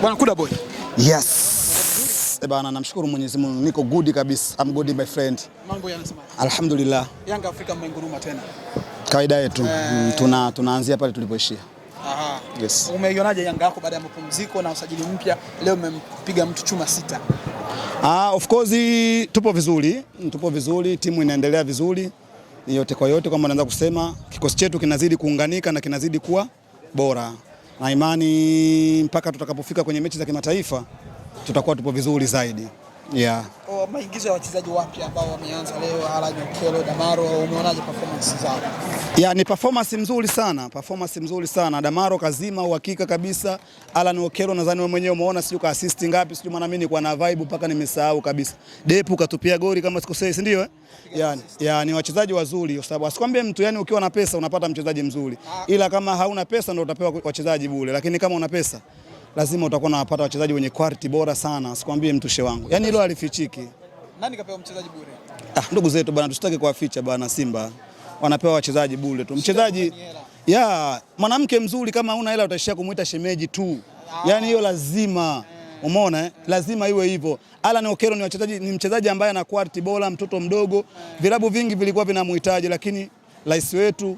Bwana Kuda Boy. Yes. Eh, bana namshukuru Mwenyezi Mungu niko good kabisa. I'm good my friend. Mambo yanasema. Alhamdulillah. Yanga Afrika mnainguruma tena. Kawaida yetu. Eh. Mm, tuna tunaanzia pale tulipoishia. Aha. Yes. Umeionaje Yanga yako baada ya mapumziko na usajili mpya? Leo umempiga mtu chuma sita. Ah, of course tupo vizuri, tupo vizuri, timu inaendelea vizuri. Yote kwa yote, kama naanza kusema kikosi chetu kinazidi kuunganika na kinazidi kuwa bora na imani mpaka tutakapofika kwenye mechi za kimataifa tutakuwa tupo vizuri zaidi. Yeah. O, maigizo ya wachezaji wapya ambao wameanza leo Ala Nyokelo, Damaro, umeonaje performance zao? Yeah, ni performance mzuri sana, performance mzuri sana. Damaro kazima uhakika kabisa. Alan Nyokelo nadhani wewe mwenyewe umeona sio ka assist ngapi, sio maana mimi nilikuwa na vibe mpaka nimesahau kabisa. Depu katupia goli kama sikosei, si ndio eh? Yani, yeah, ni wachezaji wazuri kwa sababu asikwambie mtu yani ukiwa na pesa unapata mchezaji mzuri. Ah. Ila kama hauna pesa ndio utapewa wachezaji bure, lakini kama una pesa lazima utakuwa unapata wachezaji wenye quality bora sana, sikwambie mtushe wangu, yaani hilo halifichiki. Nani kapewa mchezaji bure? Ah, ndugu zetu bana, tusitaki kuwaficha bana, Simba wanapewa wachezaji bure tu. Mchezaji ya mwanamke mzuri kama una hela utaishia kumwita shemeji tu, ah. yaani hiyo lazima eh. Umeona eh? Lazima iwe hivyo. Alan Okero ni wachezaji ni mchezaji ambaye ana quality bora, mtoto mdogo. Eh. Vilabu vingi vilikuwa vinamhitaji, lakini rais wetu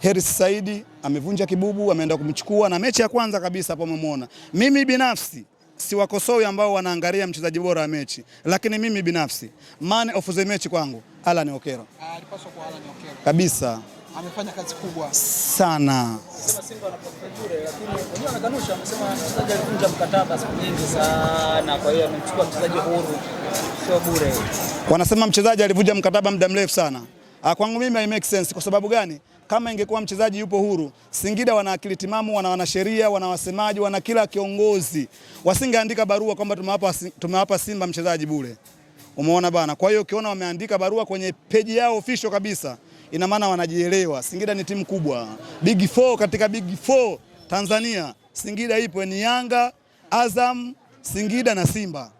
Heris Saidi amevunja kibubu, ameenda kumchukua na mechi ya kwanza kabisa hapo umemwona. Mimi binafsi si wakosoi ambao wanaangalia mchezaji bora wa mechi, lakini mimi binafsi man of the match kwangu Alan Okero. Ah, alipaswa kwa Alan Okero. Kabisa. Amefanya kazi kubwa sana. Wanasema mchezaji alivunja mkataba muda mrefu sana. Ah, kwangu mimi hai make sense kwa sababu gani? kama ingekuwa mchezaji yupo huru, Singida wana akili timamu, wana wanasheria, wana wasemaji, wana kila kiongozi, wasingeandika barua kwamba tumewapa tumewapa Simba mchezaji bure. Umeona bana. Kwa hiyo ukiona wameandika barua kwenye peji yao official kabisa, ina maana wanajielewa. Singida ni timu kubwa, big four. Katika big four Tanzania Singida ipo ni Yanga, Azam, Singida na Simba.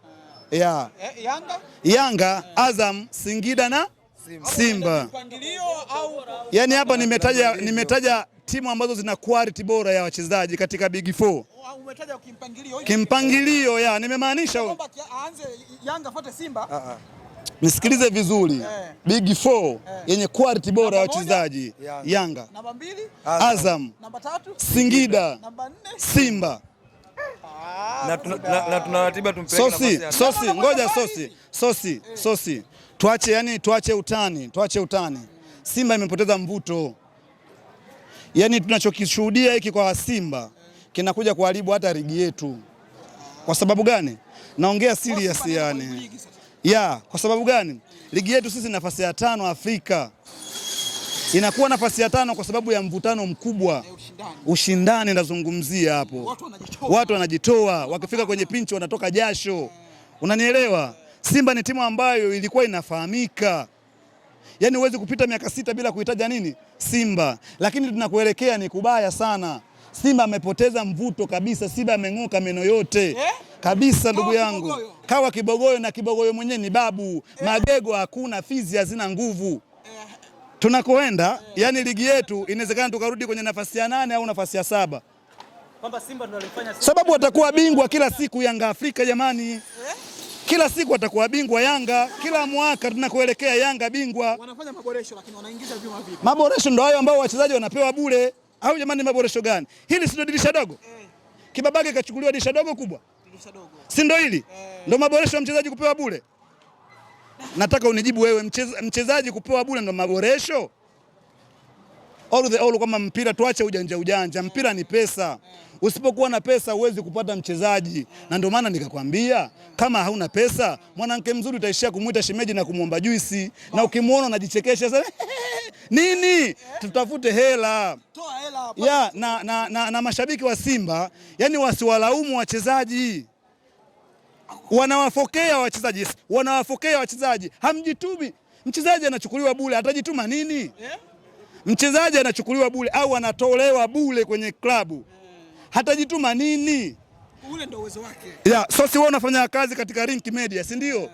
Yeah. Yanga, Yanga, Azam, Singida na Simba. Yaani hapa nimetaja nimetaja timu ambazo zina quality bora ya wachezaji katika Big Four. Umetaja kimpangilio. Kimpangilio ya nimemaanisha kwamba aanze Yanga afuate Simba. Ah ah. Nisikilize vizuri. Eh. Big Four eh. yenye quality bora ya wachezaji Yanga. Namba mbili Azam. Namba tatu Singida. Namba nne Simba. Na tunaratiba tumpeleke nafasi ya sosi, ngoja sosi, sosi, eh. sosi tuache, yani tuache utani, tuache utani. Simba imepoteza mvuto, yani tunachokishuhudia hiki kwa Simba kinakuja kuharibu hata ligi yetu. Kwa sababu gani? Naongea serious yani ya kwa sababu gani? Ligi yetu sisi nafasi ya tano Afrika inakuwa nafasi ya tano kwa sababu ya mvutano mkubwa, ushindani nazungumzia hapo. Watu wanajitoa, wakifika kwenye pinchi wanatoka jasho, unanielewa? Simba ni timu ambayo ilikuwa inafahamika, yaani huwezi kupita miaka sita bila kuitaja nini Simba, lakini tunakuelekea ni kubaya sana. Simba amepoteza mvuto kabisa. Simba ameng'oka meno yote eh? kabisa ndugu yangu kibogoyo. Kawa kibogoyo na kibogoyo mwenyewe ni babu eh. Magego hakuna, fizi hazina nguvu eh. Tunakoenda eh. Yani ligi yetu inawezekana tukarudi kwenye nafasi ya nane au nafasi ya saba Simba, sababu watakuwa bingwa kila siku Yanga Afrika jamani. Kila siku atakuwa bingwa Yanga, kila mwaka tunakuelekea Yanga bingwa. Wanafanya maboresho lakini wanaingiza vyuma vipi? Maboresho ndio hayo ambao wachezaji wanapewa bure au jamani, maboresho gani? Hili si ndio dirisha dogo eh? Kibabage kachukuliwa dirisha dogo kubwa, dirisha dogo, si ndio hili eh? Ndio maboresho ya mchezaji kupewa bure? Nataka unijibu wewe, mchezaji kupewa bure ndio maboresho? all the all kama mpira tuache ujanja ujanja, mpira ni pesa. Usipokuwa na pesa huwezi kupata mchezaji, na ndio maana nikakwambia kama hauna pesa, mwanamke mzuri utaishia kumwita shemeji na kumwomba juisi, na ukimwona unajichekesha sana nini. Tutafute hela, ya na, na, na, na mashabiki wa Simba yani wasiwalaumu wachezaji wanawafokea wachezaji, wanawafokea wachezaji, hamjitumi. Mchezaji anachukuliwa bure, atajituma nini? yeah. Mchezaji anachukuliwa bure au anatolewa bure kwenye klabu, hatajituma nini? Ule ndio uwezo wake. Yeah, so si wewe unafanya kazi katika Rink Media, si ndio?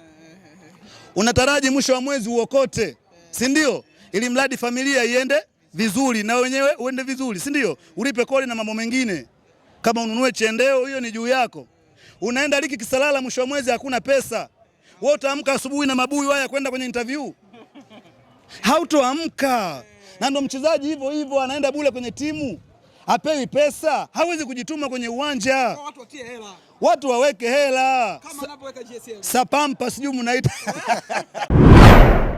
Unataraji mwisho wa mwezi uokote, si ndio? Ili mradi familia iende vizuri na wenyewe uende vizuri, si ndio? Ulipe kodi na mambo mengine, kama ununue chendeo, hiyo ni juu yako. Unaenda liki kisalala, mwisho wa mwezi hakuna pesa. Wewe utaamka asubuhi na mabui haya kwenda kwenye interview? Hautoamka na ndo mchezaji hivyo hivyo anaenda bule kwenye timu apewi pesa, hawezi kujituma kwenye uwanja. Watu watie hela, watu waweke hela, kama sapampa, sijui mnaita